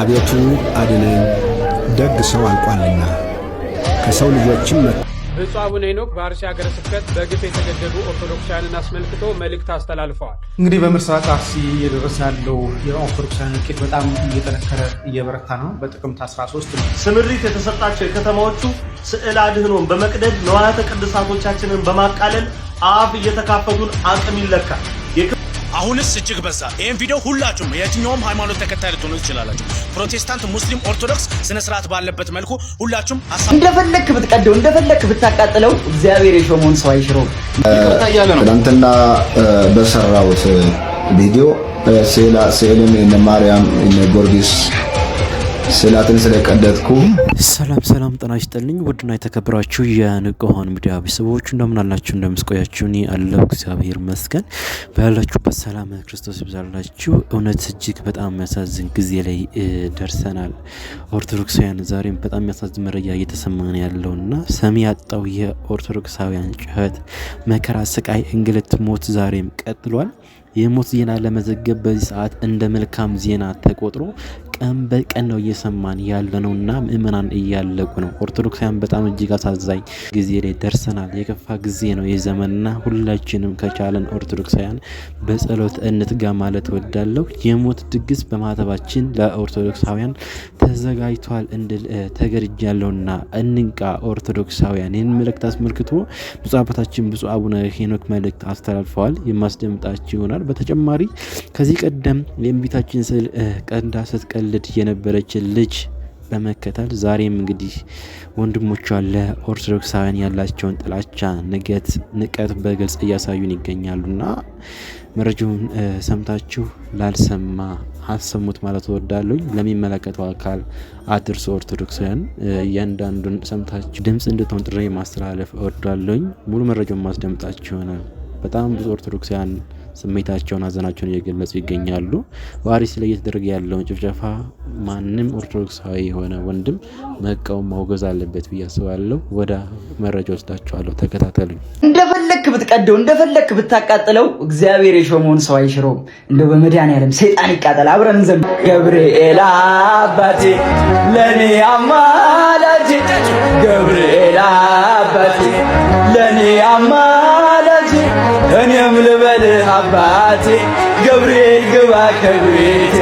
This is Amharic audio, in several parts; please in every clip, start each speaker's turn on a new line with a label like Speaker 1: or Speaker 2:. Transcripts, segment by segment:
Speaker 1: አቤቱ አድነኝ፣ ደግ ሰው አልቋልና ከሰው ልጆችም መ
Speaker 2: ብፁዕ አቡነ ሄኖክ በአርሲ ሀገረ ስብከት በግፍ የተገደሉ ኦርቶዶክሳውያንን አስመልክቶ መልእክት አስተላልፈዋል። እንግዲህ በምስራቅ አርሲ እየደረሰ ያለው የኦርቶዶክሳውያን እልቂት በጣም እየጠነከረ እየበረታ ነው። በጥቅምት 13 ነው ስምሪት የተሰጣቸው የከተማዎቹ ስዕል አድህኖን በመቅደድ ንዋያተ ቅድሳቶቻችንን በማቃለል አፍ እየተካፈቱን አቅም ይለካል። አሁንስ እጅግ በዛ። ይህን ቪዲዮ ሁላችሁም የትኛውም ሃይማኖት ተከታይ ልትሆኑ ትችላላችሁ። ፕሮቴስታንት፣ ሙስሊም፣ ኦርቶዶክስ ስነስርዓት ባለበት መልኩ ሁላችሁም ሀሳብ እንደፈለክ ብትቀደው እንደፈለክ ብታቃጥለው እግዚአብሔር የሾመውን ሰው አይሽረው።
Speaker 1: ትናንትና በሰራሁት ቪዲዮ ስዕልን ማርያም፣ ጊዮርጊስ ስላትን ስለቀደጥኩ።
Speaker 2: ሰላም ሰላም፣ ጤና ይስጥልኝ ውድና የተከበራችሁ የንቁሆን ሚዲያ ቤተሰቦች እንደምን አላችሁ? እንደምስቆያችሁ እኔ አለሁ እግዚአብሔር ይመስገን። በያላችሁበት ሰላም ክርስቶስ ይብዛላችሁ። እውነት እጅግ በጣም የሚያሳዝን ጊዜ ላይ ደርሰናል። ኦርቶዶክሳውያን ዛሬም በጣም የሚያሳዝን መረጃ እየተሰማን ያለውና ሰሚ ያጣው የኦርቶዶክሳውያን ጩኸት፣ መከራ፣ ስቃይ፣ እንግልት፣ ሞት ዛሬም ቀጥሏል። የሞት ዜና ለመዘገብ በዚህ ሰዓት እንደ መልካም ዜና ተቆጥሮ ቀን በቀን ነው እየሰማን ያለ እና ምእመናን እያለቁ ነው። ኦርቶዶክሳውያን በጣም እጅግ አሳዛኝ ጊዜ ላይ ደርሰናል። የከፋ ጊዜ ነው የዘመንና ሁላችንም ከቻለን ኦርቶዶክሳውያን በጸሎት እንትጋ ማለት ወዳለው የሞት ድግስ በማተባችን ለኦርቶዶክሳውያን ተዘጋጅቷል እንድል ተገድጃለሁና እንንቃ ኦርቶዶክሳውያን። ይህን መልእክት አስመልክቶ ብፁዕ አባታችን ብፁዕ አቡነ ሄኖክ መልእክት አስተላልፈዋል። የማስደምጣችሁ ይሆናል። ይሆናል። በተጨማሪ ከዚህ ቀደም የእመቤታችን ስዕል ቀንዳ ስትቀልድ የነበረችን ልጅ በመከተል ዛሬም እንግዲህ ወንድሞቿ ለኦርቶዶክሳውያን ያላቸውን ጥላቻ፣ ንቀት ንቀት በግልጽ እያሳዩን ይገኛሉና መረጃውን ሰምታችሁ ላልሰማ አሰሙት ማለት ወዳለኝ ለሚመለከተው አካል አድርሶ ኦርቶዶክሳውያን እያንዳንዱን ሰምታችሁ ድምፅ እንድትሆን ጥሪ ማስተላለፍ ወዳለኝ ሙሉ መረጃውን ማስደምጣችሁ ይሆናል። በጣም ብዙ ኦርቶዶክሳውያን ስሜታቸውን፣ ሀዘናቸውን እየገለጹ ይገኛሉ። በአርሲ ላይ እየተደረገ ያለውን ጭፍጨፋ ማንም ኦርቶዶክሳዊ የሆነ ወንድም መቃወም ማውገዝ አለበት ብዬ አስባለሁ። ወደ መረጃ ወስዳችኋለሁ፣ ተከታተሉኝ። እንደፈለክ ብትቀደው፣ እንደፈለክ ብታቃጥለው እግዚአብሔር የሾመውን ሰው አይሽረውም። እንደ በመድኃኒዓለም ሰይጣን ይቃጠል። አብረን ዘንድ ገብርኤል አባቴ ለእኔ አማላጅ ገብርኤል አባቴ ለእኔ አማ አባቴ ገብርኤል ግባ ከቤቴ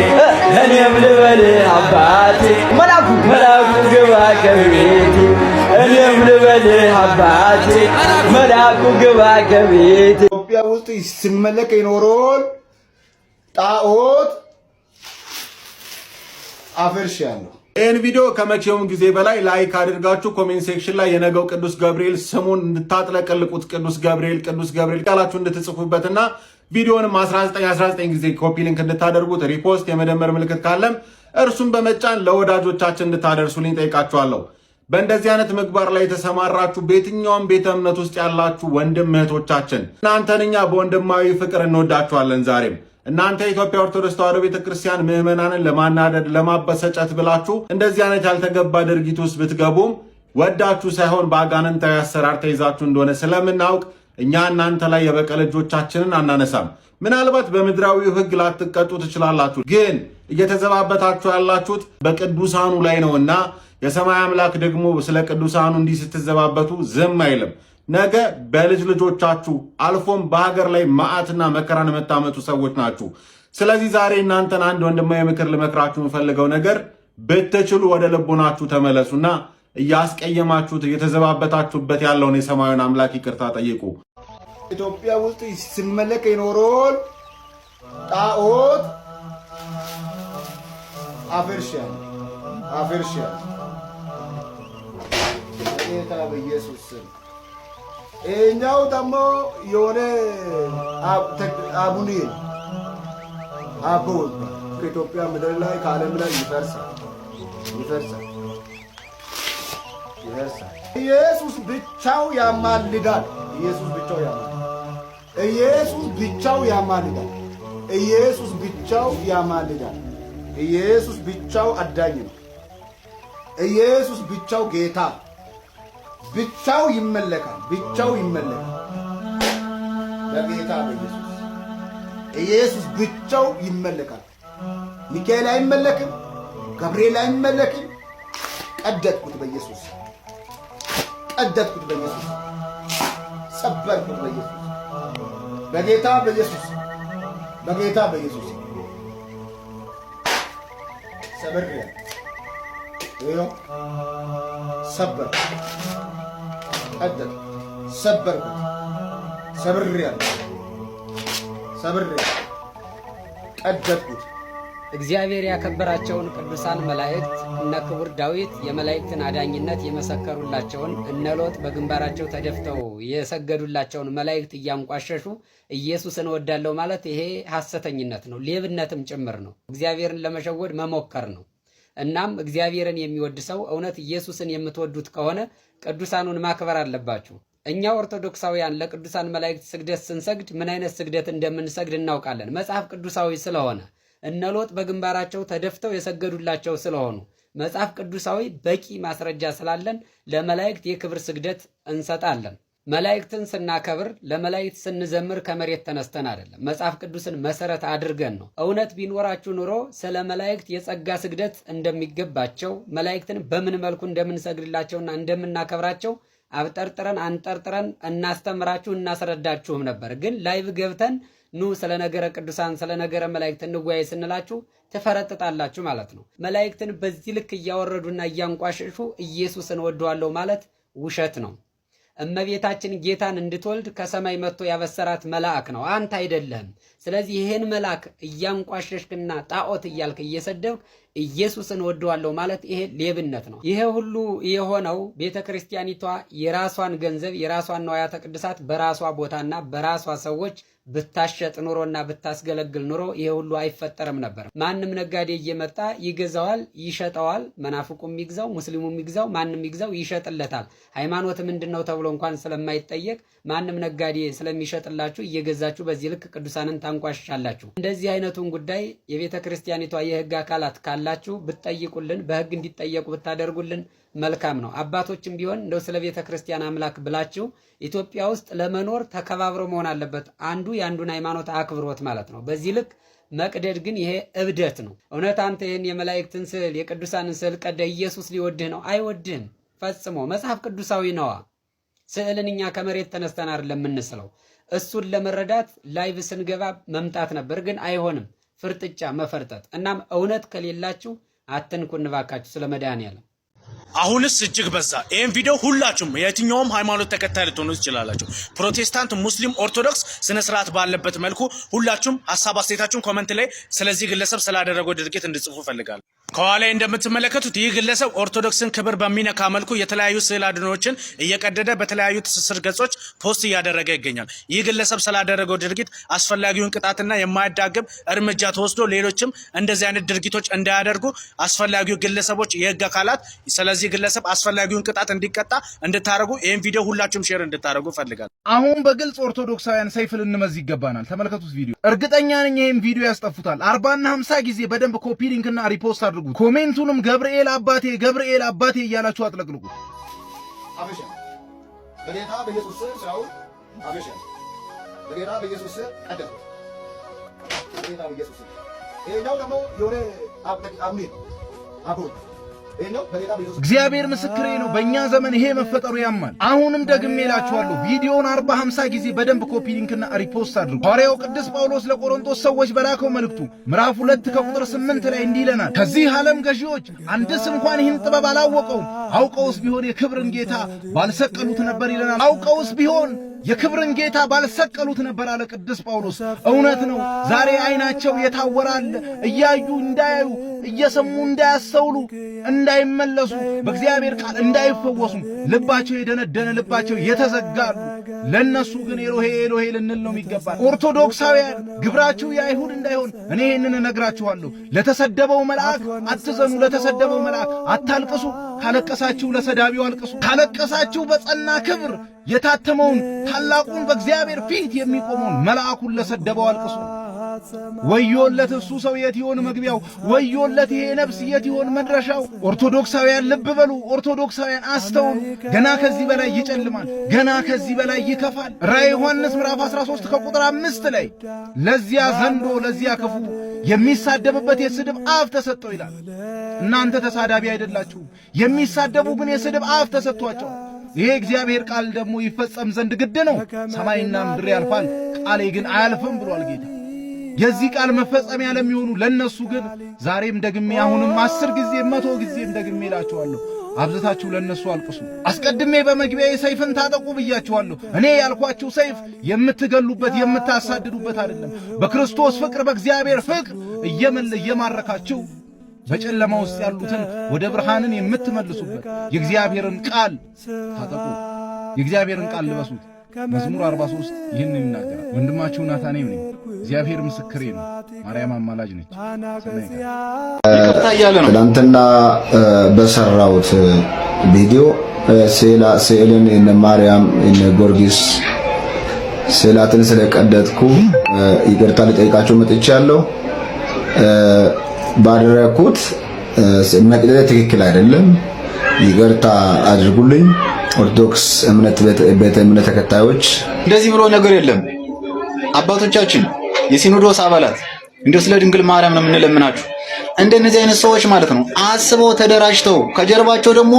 Speaker 2: እኔም ልበል አባቴ መላኩ መላኩ ግባ ከቤቴ እኔም ልበል አባቴ መላኩ ግባ ከቤቴ ኢትዮጵያ ውስጥ ሲመለክ ይኖረውን ጣዖት አፈርሻለሁ። ይህን ቪዲዮ ከመቼውም ጊዜ በላይ ላይክ አድርጋችሁ ኮሜንት ሴክሽን ላይ የነገው ቅዱስ ገብርኤል ስሙን እንድታጥለቀልቁት ቅዱስ ገብርኤል ቅዱስ ገብርኤል ቃላችሁ እንድትጽፉበትና ቪዲዮንም 1919 ጊዜ ኮፒ ሊንክ እንድታደርጉት ሪፖስት፣ የመደመር ምልክት ካለም እርሱን በመጫን ለወዳጆቻችን እንድታደርሱልኝ ጠይቃችኋለሁ። በእንደዚህ አይነት ምግባር ላይ የተሰማራችሁ በየትኛውም ቤተ እምነት ውስጥ ያላችሁ ወንድም እህቶቻችን እናንተን እኛ በወንድማዊ ፍቅር እንወዳችኋለን። ዛሬም እናንተ የኢትዮጵያ ኦርቶዶክስ ተዋሕዶ ቤተ ክርስቲያን ምዕመናንን ለማናደድ ለማበሰጨት ብላችሁ እንደዚህ አይነት ያልተገባ ድርጊት ውስጥ ብትገቡም ወዳችሁ ሳይሆን በአጋንንታዊ አሰራር ተይዛችሁ እንደሆነ ስለምናውቅ እኛ እናንተ ላይ የበቀል እጆቻችንን አናነሳም። ምናልባት በምድራዊ ሕግ ላትቀጡ ትችላላችሁ፣ ግን እየተዘባበታችሁ ያላችሁት በቅዱሳኑ ላይ ነውና የሰማይ አምላክ ደግሞ ስለ ቅዱሳኑ እንዲህ ስትዘባበቱ ዝም አይልም። ነገ በልጅ ልጆቻችሁ አልፎም በሀገር ላይ መዓትና መከራን የምታመጡ ሰዎች ናችሁ። ስለዚህ ዛሬ እናንተን አንድ ወንድማዊ ምክር ልመክራችሁ የምፈልገው ነገር ብትችሉ ወደ ልቡናችሁ ተመለሱና እያስቀየማችሁት እየተዘባበታችሁበት ያለውን የሰማዩን አምላክ ይቅርታ ጠይቁ። ኢትዮጵያ ውስጥ ሲመለክ የኖረውን ጣዖት አፍርሻል አፍርሻል። ጌታ በኢየሱስ ስም እኛው ደግሞ የሆነ አቡኔ አቦ ከኢትዮጵያ ምድር ላይ ከዓለም ላይ ይፈርሳል ይፈርሳል። ይደርሳል። ኢየሱስ ብቻው ያማልዳል። ኢየሱስ ብቻው ያማልዳል። ኢየሱስ ብቻው ያማልዳል። ኢየሱስ ብቻው ያማልዳል። ኢየሱስ ብቻው አዳኝ ነው። ኢየሱስ ብቻው ጌታ፣ ብቻው ይመለካል። ብቻው ይመለካል። በጌታ በኢየሱስ ኢየሱስ ብቻው ይመለካል። ሚካኤል አይመለክም። ገብርኤል አይመለክም። ቀደጥኩት በኢየሱስ ቀደድኩት በኢየሱስ ሰበርኩት በኢየሱስ በጌታ በኢየሱስ በጌታ በኢየሱስ ሰበር ይኸው ሰበር ቀደድ ሰበርኩት ሰብሬያለሁ ሰብሬያለሁ ቀደድኩት እግዚአብሔር ያከበራቸውን ቅዱሳን መላእክት እነ ክቡር ዳዊት የመላእክትን አዳኝነት የመሰከሩላቸውን እነ ሎጥ በግንባራቸው ተደፍተው የሰገዱላቸውን መላእክት እያንቋሸሹ ኢየሱስን እወዳለሁ ማለት ይሄ ሐሰተኝነት ነው፣ ሌብነትም ጭምር ነው። እግዚአብሔርን ለመሸወድ መሞከር ነው። እናም እግዚአብሔርን የሚወድ ሰው እውነት ኢየሱስን የምትወዱት ከሆነ ቅዱሳኑን ማክበር አለባችሁ። እኛ ኦርቶዶክሳውያን ለቅዱሳን መላእክት ስግደት ስንሰግድ ምን አይነት ስግደት እንደምንሰግድ እናውቃለን፣ መጽሐፍ ቅዱሳዊ ስለሆነ እነ ሎጥ በግንባራቸው ተደፍተው የሰገዱላቸው ስለሆኑ መጽሐፍ ቅዱሳዊ በቂ ማስረጃ ስላለን ለመላእክት የክብር ስግደት እንሰጣለን። መላእክትን ስናከብር ለመላእክት ስንዘምር ከመሬት ተነስተን አይደለም፣ መጽሐፍ ቅዱስን መሰረት አድርገን ነው። እውነት ቢኖራችሁ ኑሮ ስለ መላእክት የጸጋ ስግደት እንደሚገባቸው መላእክትን በምን መልኩ እንደምንሰግድላቸውና እንደምናከብራቸው አብጠርጥረን አንጠርጥረን እናስተምራችሁ እናስረዳችሁም ነበር። ግን ላይቭ ገብተን ኑ ስለ ነገረ ቅዱሳን ስለ ነገረ መላእክት እንወያይ ስንላችሁ ትፈረጥጣላችሁ ማለት ነው። መላእክትን በዚህ ልክ እያወረዱና እያንቋሸሹ ኢየሱስን ወደዋለሁ ማለት ውሸት ነው። እመቤታችን ጌታን እንድትወልድ ከሰማይ መጥቶ ያበሰራት መልአክ ነው። አንተ አይደለህም። ስለዚህ ይሄን መልአክ እያንቋሸሽክና ጣዖት እያልክ እየሰደብክ ኢየሱስን ወደዋለሁ ማለት ይሄ ሌብነት ነው። ይሄ ሁሉ የሆነው ቤተ ክርስቲያኒቷ የራሷን ገንዘብ የራሷን ነዋያተ ቅድሳት በራሷ ቦታና በራሷ ሰዎች ብታሸጥ ኑሮና ብታስገለግል ኑሮ ይሄ ሁሉ አይፈጠርም ነበር። ማንም ነጋዴ እየመጣ ይገዛዋል፣ ይሸጠዋል። መናፍቁም ይግዛው፣ ሙስሊሙም ይግዛው፣ ማንም ይግዛው ይሸጥለታል። ሃይማኖት ምንድን ነው ተብሎ እንኳን ስለማይጠየቅ ማንም ነጋዴ ስለሚሸጥላችሁ እየገዛችሁ በዚህ ልክ ቅዱሳንን ታንቋ ታንቋሽሻላችሁ። እንደዚህ አይነቱን ጉዳይ የቤተ ክርስቲያኒቷ የህግ አካላት ካላችሁ ብትጠይቁልን፣ በህግ እንዲጠየቁ ብታደርጉልን መልካም ነው። አባቶችም ቢሆን እንደው ስለ ቤተ ክርስቲያን አምላክ ብላችሁ ኢትዮጵያ ውስጥ ለመኖር ተከባብሮ መሆን አለበት። አንዱ የአንዱን ሃይማኖት አክብሮት ማለት ነው። በዚህ ልክ መቅደድ ግን ይሄ እብደት ነው። እውነት አንተ ይህን የመላእክትን ስዕል የቅዱሳንን ስዕል ቀደ ኢየሱስ ሊወድህ ነው? አይወድህም ፈጽሞ። መጽሐፍ ቅዱሳዊ ነዋ። ስዕልን እኛ ከመሬት ተነስተን አይደለም የምንስለው። እሱን ለመረዳት ላይቭ ስንገባ መምጣት ነበር፣ ግን አይሆንም። ፍርጥጫ መፈርጠጥ። እናም እውነት ከሌላችሁ አትንኩ እንባካችሁ ስለ መድኃኒዓለም። አሁንስ እጅግ በዛ። ይህን ቪዲዮ ሁላችሁም የትኛውም ሃይማኖት ተከታይ ልትሆኑ ትችላላችሁ። ፕሮቴስታንት፣ ሙስሊም፣ ኦርቶዶክስ ስነስርዓት ባለበት መልኩ ሁላችሁም ሀሳብ አስተያየታችሁን ኮመንት ላይ ስለዚህ ግለሰብ ስላደረገው ድርጊት እንድጽፉ እፈልጋለሁ። ከኋላ እንደምትመለከቱት ይህ ግለሰብ ኦርቶዶክስን ክብር በሚነካ መልኩ የተለያዩ ስዕል አድኖዎችን እየቀደደ በተለያዩ ትስስር ገጾች ፖስት እያደረገ ይገኛል። ይህ ግለሰብ ስላደረገው ድርጊት አስፈላጊውን ቅጣትና የማያዳግም እርምጃ ተወስዶ ሌሎችም እንደዚህ አይነት ድርጊቶች እንዳያደርጉ አስፈላጊው ግለሰቦች፣ የህግ አካላት ስለዚህ ግለሰብ አስፈላጊውን ቅጣት እንዲቀጣ እንድታደርጉ ይህም ቪዲዮ ሁላችሁም ሼር እንድታደረጉ እፈልጋለሁ። አሁን በግልጽ ኦርቶዶክሳውያን ሰይፍ ልንመዝ ይገባናል። ተመልከቱት ቪዲዮ። እርግጠኛ ነኝ ይህም ቪዲዮ ያስጠፉታል። አርባና ሀምሳ ጊዜ በደንብ ኮፒ ሊንክና ሪፖስት አጥለቅልቁት። ኮሜንቱንም ገብርኤል አባቴ ገብርኤል አባቴ እያላችሁ አጥለቅልቁት። አበሻ በጌታ በኢየሱስ ስም ሳውል፣ አበሻ በጌታ በኢየሱስ ስም ቀደም በጌታ በኢየሱስ ስም ይሄኛው ደግሞ የሆነ አብኔ አብሮ እግዚአብሔር ምስክሬ ነው። በእኛ ዘመን ይሄ መፈጠሩ ያማል። አሁንም ደግሜ እላችኋለሁ ቪዲዮውን አርባ ሃምሳ ጊዜ በደንብ ኮፒ ሊንክና ሪፖስት አድርጉ። ሐዋርያው ቅዱስ ጳውሎስ ለቆሮንቶስ ሰዎች በላከው መልእክቱ ምዕራፍ ሁለት ከቁጥር ስምንት ላይ እንዲህ ይለናል፣ ከዚህ ዓለም ገዢዎች አንድስ እንኳን ይህን ጥበብ አላወቀውም። አውቀውስ ቢሆን የክብርን ጌታ ባልሰቀሉት ነበር ይለናል። አውቀውስ ቢሆን የክብርን ጌታ ባልሰቀሉት ነበር አለ ቅዱስ ጳውሎስ። እውነት ነው። ዛሬ አይናቸው የታወራል እያዩ እንዳያዩ እየሰሙ እንዳያስተውሉ እንዳይመለሱ በእግዚአብሔር ቃል እንዳይፈወሱ ልባቸው የደነደነ ልባቸው የተዘጋሉ። ለእነሱ ግን ኤሎሄ ኤሎሄ ልንል ነው ይገባል። ኦርቶዶክሳውያን ግብራችሁ የአይሁድ እንዳይሆን እኔ ይህንን እነግራችኋለሁ። ለተሰደበው መልአክ አትዘኑ፣ ለተሰደበው መልአክ አታልቅሱ። ካለቀሳችሁ ለሰዳቢው አልቅሱ። ካለቀሳችሁ በጸና ክብር የታተመውን ታላቁን በእግዚአብሔር ፊት የሚቆመውን መልአኩን ለሰደበው አልቅሱ። ወዮለት እሱ ሰው የት ይሆን መግቢያው? ወዮለት ይሄ ነፍስ የት ይሆን መድረሻው? ኦርቶዶክሳውያን ልብ በሉ፣ ኦርቶዶክሳውያን አስተውሉ። ገና ከዚህ በላይ ይጨልማል፣ ገና ከዚህ በላይ ይከፋል። ራእየ ዮሐንስ ምዕራፍ 13 ከቁጥር አምስት ላይ ለዚያ ዘንዶ ለዚያ ክፉ የሚሳደብበት የስድብ አፍ ተሰጠው ይላል። እናንተ ተሳዳቢ አይደላችሁም፣ የሚሳደቡ ግን የስድብ አፍ ተሰጥቷቸው ይሄ እግዚአብሔር ቃል ደግሞ ይፈጸም ዘንድ ግድ ነው። ሰማይና ምድር ያልፋል፣ ቃሌ ግን አያልፍም ብሏል ጌታ። የዚህ ቃል መፈጸሚያ ለሚሆኑ ለእነሱ ግን ዛሬም ደግሜ አሁንም አስር ጊዜ መቶ ጊዜም ደግሜ እላችኋለሁ አብዝታችሁ ለእነሱ አልቅሱ። አስቀድሜ በመግቢያ ሰይፍን ታጠቁ ብያችኋለሁ። እኔ ያልኳችሁ ሰይፍ የምትገሉበት የምታሳድዱበት አይደለም። በክርስቶስ ፍቅር በእግዚአብሔር ፍቅር እየመለ እየማረካችሁ በጨለማ ውስጥ ያሉትን ወደ ብርሃንን የምትመልሱበት የእግዚአብሔርን ቃል ታጠቁ። የእግዚአብሔርን ቃል ልበሱት። መዝሙር 43 ይህን ይናገራል። ወንድማችሁ ናታኔም ነኝ። እግዚአብሔር ምስክሬ ነው። ማርያም አማላጅ ነች።
Speaker 1: ትናንትና በሰራሁት ቪዲዮ ስዕልን የነ ማርያም የነ ጊዮርጊስ ስዕላትን ስለቀደጥኩ ይቅርታ ልጠይቃችሁ መጥቻለሁ። ባደረኩት መቅደድ ትክክል አይደለም። ይቅርታ አድርጉልኝ። ኦርቶዶክስ እምነት ቤተ እምነት ተከታዮች
Speaker 2: እንደዚህ ብሎ ነገር የለም አባቶቻችን የሲኖዶስ አባላት እንዲሁ ስለ ድንግል ማርያም ነው የምንለምናችሁ። እንደነዚህ አይነት ሰዎች ማለት ነው አስበው ተደራጅተው፣ ከጀርባቸው ደግሞ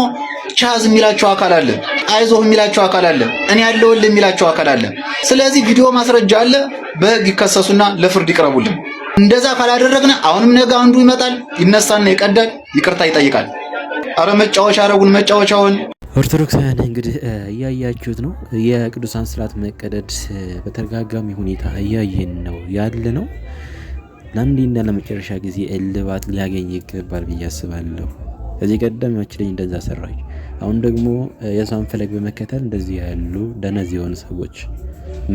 Speaker 2: ቻዝ የሚላቸው አካል አለ፣ አይዞህ የሚላቸው አካል አለ፣ እኔ ያለውል የሚላቸው አካል አለ። ስለዚህ ቪዲዮ ማስረጃ አለ፣ በህግ ይከሰሱና ለፍርድ ይቅረቡልን። እንደዛ ካላደረግን አሁንም ነገ አንዱ ይመጣል፣ ይነሳና ይቀዳል፣ ይቅርታ ይጠይቃል። አረ መጫወቻ አረጉን መጫወቻውን ኦርቶዶክሳውያን እንግዲህ እያያችሁት ነው። የቅዱሳን ስርዓት መቀደድ በተደጋጋሚ ሁኔታ እያየን ነው ያለ ነው። ለአንዴና ለመጨረሻ ጊዜ እልባት ሊያገኝ ይገባል ብዬ አስባለሁ። ከዚህ ቀደም ያች እንደዛ ሰራች። አሁን ደግሞ የሷን ፈለግ በመከተል እንደዚህ ያሉ ደነዝ የሆኑ ሰዎች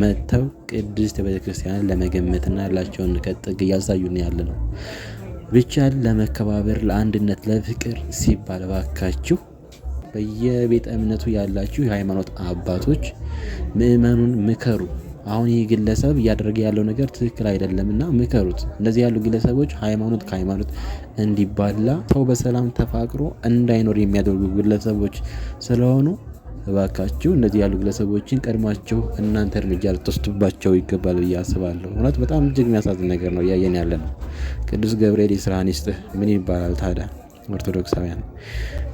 Speaker 2: መጥተው ቅድስት ቤተክርስቲያን ለመገመትና ያላቸውን ቀጥግ እያሳዩን ያለ ነው። ብቻን ለመከባበር ለአንድነት፣ ለፍቅር ሲባል ባካችሁ በየቤተ እምነቱ ያላችሁ የሃይማኖት አባቶች ምእመኑን ምከሩ። አሁን ይህ ግለሰብ እያደረገ ያለው ነገር ትክክል አይደለምና ምከሩት። እንደዚህ ያሉ ግለሰቦች ሃይማኖት ከሃይማኖት እንዲባላ፣ ሰው በሰላም ተፋቅሮ እንዳይኖር የሚያደርጉ ግለሰቦች ስለሆኑ እባካችሁ እንደዚህ ያሉ ግለሰቦችን ቀድማቸው እናንተ እርምጃ ልትወስዱባቸው ይገባል ብዬ አስባለሁ። እውነት በጣም እጅግ የሚያሳዝን ነገር ነው እያየን ያለ ነው። ቅዱስ ገብርኤል የስራህን ይስጥህ። ምን ይባላል ታዲያ ኦርቶዶክሳውያን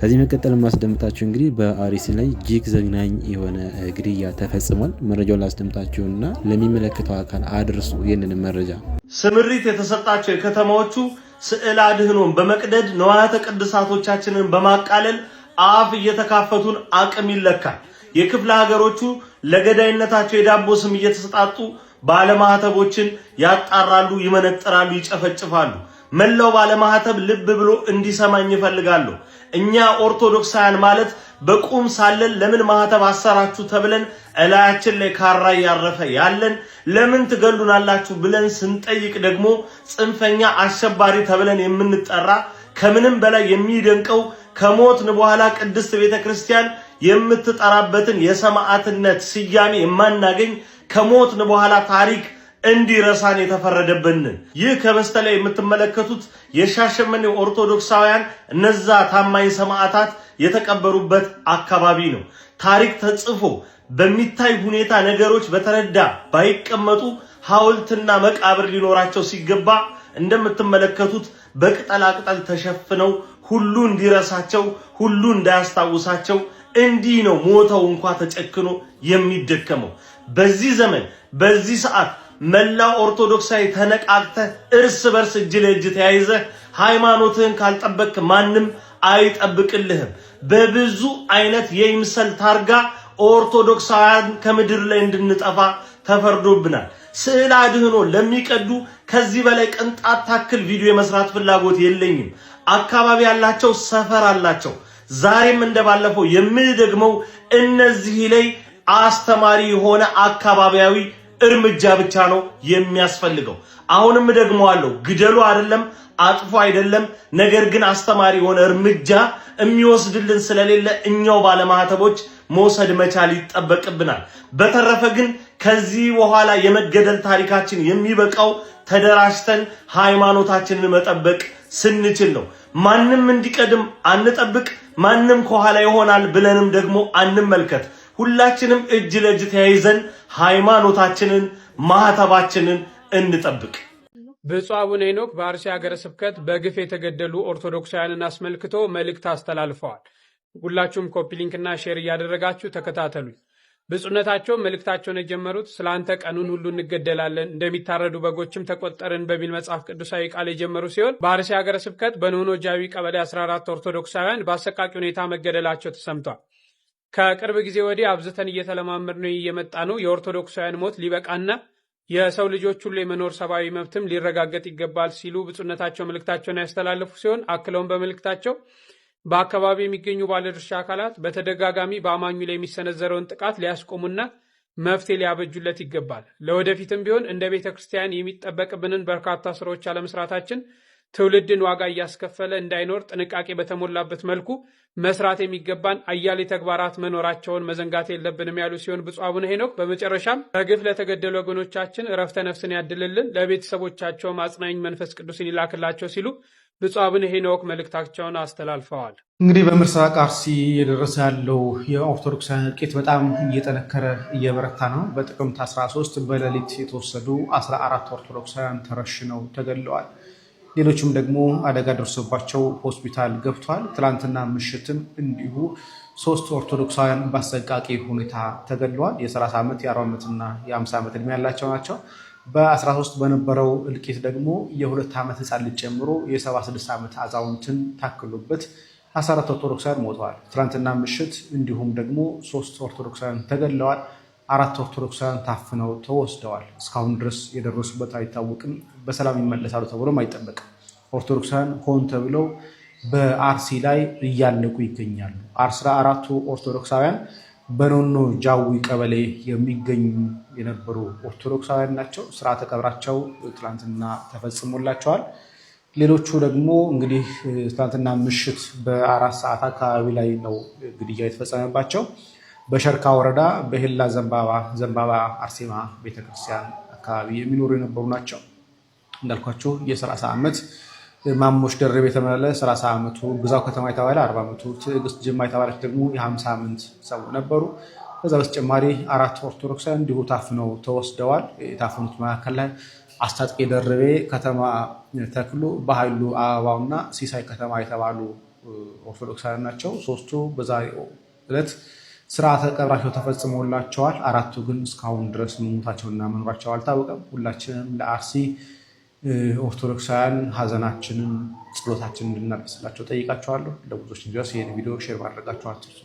Speaker 2: ከዚህ መቀጠል የማስደምጣችሁ እንግዲህ በአርሲ ላይ እጅግ ዘግናኝ የሆነ ግድያ ተፈጽሟል። መረጃውን እና ለሚመለከተው አካል አድርሱ። ይህንን መረጃ ስምሪት የተሰጣቸው የከተማዎቹ ስዕል አድህኖን በመቅደድ ነዋያተ ቅድሳቶቻችንን በማቃለል አፍ እየተካፈቱን አቅም ይለካል። የክፍለ ሀገሮቹ ለገዳይነታቸው የዳቦ ስም እየተሰጣጡ ባለማህተቦችን ያጣራሉ፣ ይመነጥራሉ፣ ይጨፈጭፋሉ። መላው ባለማህተብ ልብ ብሎ እንዲሰማኝ ይፈልጋለሁ። እኛ ኦርቶዶክሳውያን ማለት በቁም ሳለን ለምን ማህተብ አሰራችሁ ተብለን እላያችን ላይ ካራ እያረፈ ያለን ለምን ትገሉናላችሁ ብለን ስንጠይቅ ደግሞ ጽንፈኛ አሸባሪ ተብለን የምንጠራ ከምንም በላይ የሚደንቀው ከሞትን በኋላ ቅድስት ቤተክርስቲያን የምትጠራበትን የሰማዕትነት ስያሜ የማናገኝ ከሞትን በኋላ ታሪክ እንዲረሳን የተፈረደብንን ይህ ከበስተላይ የምትመለከቱት የሻሸመኔ ኦርቶዶክሳውያን እነዛ ታማኝ ሰማዕታት የተቀበሩበት አካባቢ ነው። ታሪክ ተጽፎ በሚታይ ሁኔታ ነገሮች በተረዳ ባይቀመጡ ሐውልትና መቃብር ሊኖራቸው ሲገባ እንደምትመለከቱት በቅጠላቅጠል ተሸፍነው ሁሉ እንዲረሳቸው ሁሉ እንዳያስታውሳቸው እንዲህ ነው ሞተው እንኳ ተጨክኖ የሚደከመው በዚህ ዘመን በዚህ ሰዓት መላው ኦርቶዶክሳዊ ተነቃቅተህ እርስ በርስ እጅ ለእጅ ተያይዘህ ሃይማኖትህን ካልጠበቅክ ማንም አይጠብቅልህም። በብዙ አይነት የይምሰል ታርጋ ኦርቶዶክሳውያን ከምድር ላይ እንድንጠፋ ተፈርዶብናል። ስዕል አድህኖ ለሚቀዱ ከዚህ በላይ ቅንጣት ታክል ቪዲዮ የመስራት ፍላጎት የለኝም። አካባቢ ያላቸው ሰፈር አላቸው። ዛሬም እንደባለፈው የምንደግመው እነዚህ ላይ አስተማሪ የሆነ አካባቢያዊ እርምጃ ብቻ ነው የሚያስፈልገው። አሁንም ደግሞ አለው ግደሉ አይደለም አጥፎ አይደለም። ነገር ግን አስተማሪ የሆነ እርምጃ የሚወስድልን ስለሌለ እኛው ባለማህተቦች መውሰድ መቻል ይጠበቅብናል። በተረፈ ግን ከዚህ በኋላ የመገደል ታሪካችን የሚበቃው ተደራጅተን ሃይማኖታችንን መጠበቅ ስንችል ነው። ማንም እንዲቀድም አንጠብቅ፣ ማንም ከኋላ ይሆናል ብለንም ደግሞ አንመልከት። ሁላችንም እጅ ለእጅ ተያይዘን ሃይማኖታችንን ማህተባችንን እንጠብቅ። ብፁዕ አቡነ ሄኖክ በአርሲ ሀገረ ስብከት በግፍ የተገደሉ ኦርቶዶክሳውያንን አስመልክቶ መልእክት አስተላልፈዋል። ሁላችሁም ኮፒ ሊንክና ሼር እያደረጋችሁ ተከታተሉኝ። ብፁዕነታቸው መልእክታቸውን የጀመሩት ስለ አንተ ቀኑን ሁሉ እንገደላለን እንደሚታረዱ በጎችም ተቆጠርን በሚል መጽሐፍ ቅዱሳዊ ቃል የጀመሩ ሲሆን በአርሲ ሀገረ ስብከት በኖኖ ጃዊ ቀበሌ 14 ኦርቶዶክሳውያን በአሰቃቂ ሁኔታ መገደላቸው ተሰምቷል። ከቅርብ ጊዜ ወዲህ አብዝተን ነው እየመጣ ነው። የኦርቶዶክሳውያን ሞት ሊበቃና የሰው ልጆች ሁሉ የመኖር ሰብአዊ መብትም ሊረጋገጥ ይገባል ሲሉ ብፁዕነታቸው መልእክታቸውን ያስተላለፉ ሲሆን አክለውን በመልእክታቸው በአካባቢ የሚገኙ ባለድርሻ አካላት በተደጋጋሚ በአማኙ ላይ የሚሰነዘረውን ጥቃት ሊያስቆሙና መፍትሄ ሊያበጁለት ይገባል። ለወደፊትም ቢሆን እንደ ቤተ ክርስቲያን የሚጠበቅብንን በርካታ ስራዎች አለመስራታችን ትውልድን ዋጋ እያስከፈለ እንዳይኖር ጥንቃቄ በተሞላበት መልኩ መስራት የሚገባን አያሌ ተግባራት መኖራቸውን መዘንጋት የለብንም ያሉ ሲሆን ብፁዕ አቡነ ሄኖክ በመጨረሻም በግፍ ለተገደሉ ወገኖቻችን እረፍተ ነፍስን ያድልልን፣ ለቤተሰቦቻቸውም አጽናኝ መንፈስ ቅዱስን ይላክላቸው ሲሉ ብፁዕ አቡነ ሄኖክ መልእክታቸውን አስተላልፈዋል። እንግዲህ በምስራቅ አርሲ እየደረሰ ያለው የኦርቶዶክሳውያን እልቂት በጣም እየጠነከረ እየበረታ ነው። በጥቅምት 13 በሌሊት የተወሰዱ 14 ኦርቶዶክሳውያን ተረሽነው ተገድለዋል። ሌሎችም ደግሞ አደጋ ደርሶባቸው ሆስፒታል ገብተዋል። ትላንትና ምሽትም እንዲሁ ሶስት ኦርቶዶክሳውያን በአሰቃቂ ሁኔታ ተገድለዋል። የ30 ዓመት የ40 ዓመትና የ50 ዓመት እድሜ ያላቸው ናቸው። በ13 በነበረው እልቂት ደግሞ የሁለት ዓመት ህፃን ልጅ ጨምሮ የ76 ዓመት አዛውንትን ታክሎበት 14 ኦርቶዶክሳውያን ሞተዋል። ትላንትና ምሽት እንዲሁም ደግሞ ሶስት ኦርቶዶክሳውያን ተገድለዋል። አራት ኦርቶዶክሳውያን ታፍነው ተወስደዋል። እስካሁን ድረስ የደረሱበት አይታወቅም። በሰላም ይመለሳሉ ተብሎም አይጠበቅም። ኦርቶዶክሳውያን ሆን ተብለው በአርሲ ላይ እያለቁ ይገኛሉ። አስራ አራቱ ኦርቶዶክሳውያን በኖኖ ጃዊ ቀበሌ የሚገኙ የነበሩ ኦርቶዶክሳውያን ናቸው። ስርዓተ ቀብራቸው ትላንትና ተፈጽሞላቸዋል። ሌሎቹ ደግሞ እንግዲህ ትላንትና ምሽት በአራት ሰዓት አካባቢ ላይ ነው ግድያ የተፈጸመባቸው። በሸርካ ወረዳ በሄላ ዘንባባ ዘንባባ አርሴማ ቤተክርስቲያን አካባቢ የሚኖሩ የነበሩ ናቸው። እንዳልኳቸው የ30 ዓመት ማሞች ደርብ የተባለ 30 ዓመቱ፣ ብዛው ከተማ የተባለ 40 ዓመቱ፣ ትዕግስት ጅማ የተባለች ደግሞ የ50 ዓመት ሰው ነበሩ። ከዛ በተጨማሪ አራት ኦርቶዶክሳ እንዲሁ ታፍነው ተወስደዋል። የታፈኑት መካከል ላይ አስታጥቄ ደርቤ፣ ከተማ ተክሉ፣ በሀይሉ አበባውና ሲሳይ ከተማ የተባሉ ኦርቶዶክሳን ናቸው። ሶስቱ በዛሬው ዕለት ስርዓተ ቀብራቸው ተፈጽሞላቸዋል። አራቱ ግን እስካሁን ድረስ መሞታቸውና መኖራቸው አልታወቀም። ሁላችንም ለአርሲ ኦርቶዶክሳውያን ሀዘናችንን፣ ጸሎታችንን እንድናደርስላቸው ጠይቃቸዋለሁ። ለብዙዎች እንዲደርስ ይህን ቪዲዮ ሼር ማድረጋቸው አትርሱ።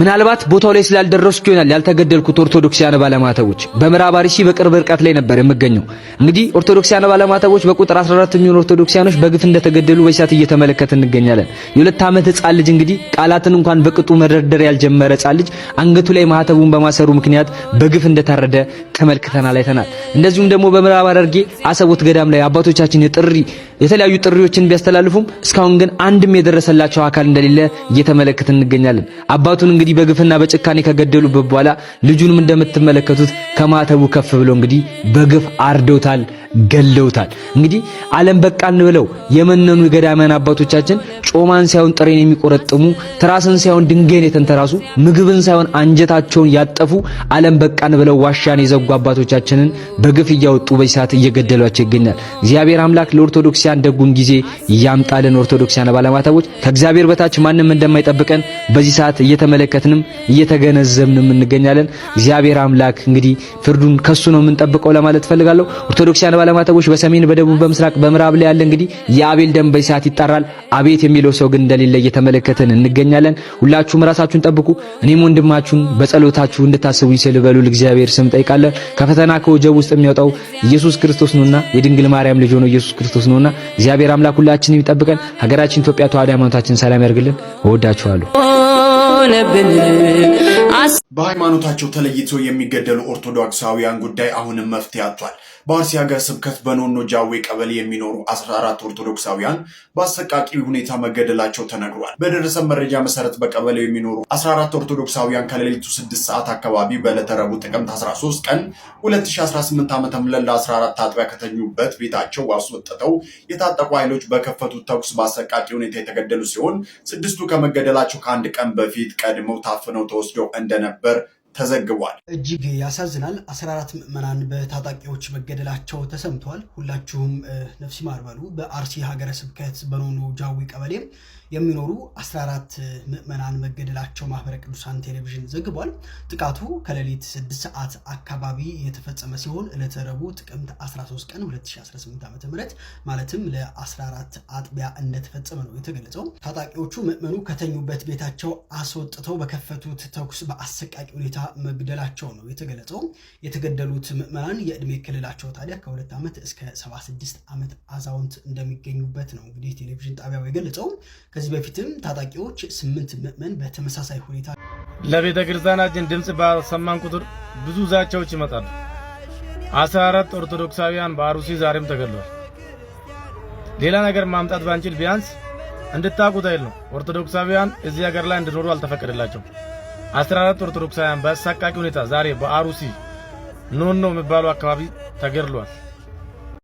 Speaker 2: ምናልባት ቦታው ላይ ስላልደረስኩ ይሆናል ያልተገደልኩት። ኦርቶዶክሲያን ባለማተቦች በምዕራብ አርሲ በቅርብ ርቀት ላይ ነበር የምገኘው። እንግዲህ ኦርቶዶክሲያን ባለማተቦች በቁጥር 14 የሚሆኑ ኦርቶዶክሲያኖች በግፍ እንደተገደሉ በሳት እየተመለከት እንገኛለን። የሁለት ዓመት ሕፃን ልጅ እንግዲህ ቃላትን እንኳን በቅጡ መደርደር ያልጀመረ ሕፃን ልጅ አንገቱ ላይ ማህተቡን በማሰሩ ምክንያት በግፍ እንደታረደ ተመልክተናል፣ አይተናል። እንደዚሁም ደግሞ በምዕራብ ሐረርጌ አሰቦት ገዳም ላይ አባቶቻችን የጥሪ የተለያዩ ጥሪዎችን ቢያስተላልፉም እስካሁን ግን አንድም የደረሰላቸው አካል እንደሌለ እየተመለከት እንገኛለን አባቱን እንግዲህ በግፍና በጭካኔ ከገደሉበት በኋላ ልጁንም እንደምትመለከቱት ከማተቡ ከፍ ብሎ እንግዲህ በግፍ አርዶታል። ገለውታል። እንግዲህ ዓለም በቃን ብለው የመነኑ የገዳማን አባቶቻችን ጮማን ሳይሆን ጥሬን የሚቆረጥሙ ትራስን ሳይሆን ድንጋይን የተንተራሱ ምግብን ሳይሆን አንጀታቸውን ያጠፉ ዓለም በቃን ብለው ዋሻን የዘጉ አባቶቻችንን በግፍ እያወጡ በሳት እየገደሏቸው ይገኛል። እግዚአብሔር አምላክ ለኦርቶዶክሲያን ደጉን ጊዜ ያምጣልን። ኦርቶዶክሲያን ባለማተቦች ከእግዚአብሔር በታች ማንም እንደማይጠብቀን በዚህ ሰዓት እየተመለከትንም እየተገነዘብንም እንገኛለን። እግዚአብሔር አምላክ እንግዲህ ፍርዱን ከሱ ነው የምንጠብቀው ለማለት ፈልጋለሁ። ኦርቶዶክሲያን ባለማተቦች በሰሜን በደቡብ በምስራቅ በምዕራብ ላይ ያለ እንግዲህ የአቤል ደም በሰዓት ይጣራል። አቤት የሚለው ሰው ግን እንደሌለ እየተመለከትን እንገኛለን። ሁላችሁም ራሳችሁን ጠብቁ። እኔም ወንድማችሁን በጸሎታችሁ እንድታስቡ ስል በሉል እግዚአብሔር ስም ጠይቃለን። ከፈተና ከወጀብ ውስጥ የሚያወጣው ኢየሱስ ክርስቶስ ነውና የድንግል ማርያም ልጅ ሆኖ ኢየሱስ ክርስቶስ ነውና እግዚአብሔር አምላክ ሁላችንም ይጠብቀን። ሀገራችን ኢትዮጵያ ተዋሕዶ ሃይማኖታችን ሰላም ያርግልን። እወዳችኋለሁ። በሃይማኖታቸው ተለይተው የሚገደሉ ኦርቶዶክሳውያን ጉዳይ አሁንም መፍትሄ አጥቷል። በአርሲ ሀገረ ስብከት በኖኖ ጃዌ ቀበሌ የሚኖሩ 14 ኦርቶዶክሳውያን በአሰቃቂ ሁኔታ መገደላቸው ተነግሯል። በደረሰ መረጃ መሰረት በቀበሌው የሚኖሩ 14 ኦርቶዶክሳውያን ከሌሊቱ 6 ሰዓት አካባቢ በዕለተ ረቡዕ ጥቅምት 13 ቀን 2018 ዓ ም ለ14 አጥቢያ ከተኙበት ቤታቸው አስወጥተው የታጠቁ ኃይሎች በከፈቱት ተኩስ በአሰቃቂ ሁኔታ የተገደሉ ሲሆን ስድስቱ ከመገደላቸው ከአንድ ቀን በፊት ቀድመው ታፍነው ተወስደው እንደነበር ተዘግቧል። እጅግ ያሳዝናል። 14 ምዕመናን በታጣቂዎች መገደላቸው ተሰምተዋል። ሁላችሁም ነፍሲ ማርበሉ በአርሲ ሀገረ ስብከት በኖኖ ጃዊ ቀበሌ የሚኖሩ 14 ምዕመናን መገደላቸው ማህበረ ቅዱሳን ቴሌቪዥን ዘግቧል። ጥቃቱ ከሌሊት 6 ሰዓት አካባቢ የተፈጸመ ሲሆን ዕለተ ረቡዕ ጥቅምት 13 ቀን 2018 ዓ.ም ማለትም ለ14 አጥቢያ እንደተፈጸመ ነው የተገለጸው። ታጣቂዎቹ ምዕመኑ ከተኙበት ቤታቸው አስወጥተው በከፈቱት ተኩስ በአሰቃቂ ሁኔታ መግደላቸው ነው የተገለጸው። የተገደሉት ምዕመናን የዕድሜ ክልላቸው ታዲያ ከሁለት ዓመት እስከ 76 ዓመት አዛውንት እንደሚገኙበት ነው እንግዲህ ቴሌቪዥን ጣቢያው የገለጸው። ከዚህ በፊትም ታጣቂዎች ስምንት ምዕመን በተመሳሳይ ሁኔታ ለቤተ ክርስቲያናችን ድምፅ ባሰማን ቁጥር ብዙ ዛቻዎች ይመጣሉ። አስራ አራት ኦርቶዶክሳውያን በአሩሲ ዛሬም ተገሏል። ሌላ ነገር ማምጣት ባንችል ቢያንስ እንድታቁት አይል ነው። ኦርቶዶክሳውያን እዚህ ሀገር ላይ እንዲኖሩ አልተፈቀደላቸው። አስራ አራት ኦርቶዶክሳውያን በአሳቃቂ ሁኔታ ዛሬ በአሩሲ ኖኖ የሚባሉ አካባቢ ተገድሏል።